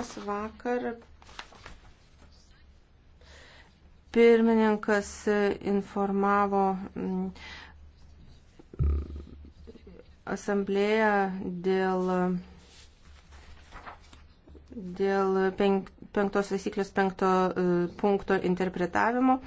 dalykas vakar. Pirmininkas informavo mm, asamblėją dėl, dėl penk, penktos taisyklės penkto e, punkto interpretavimo.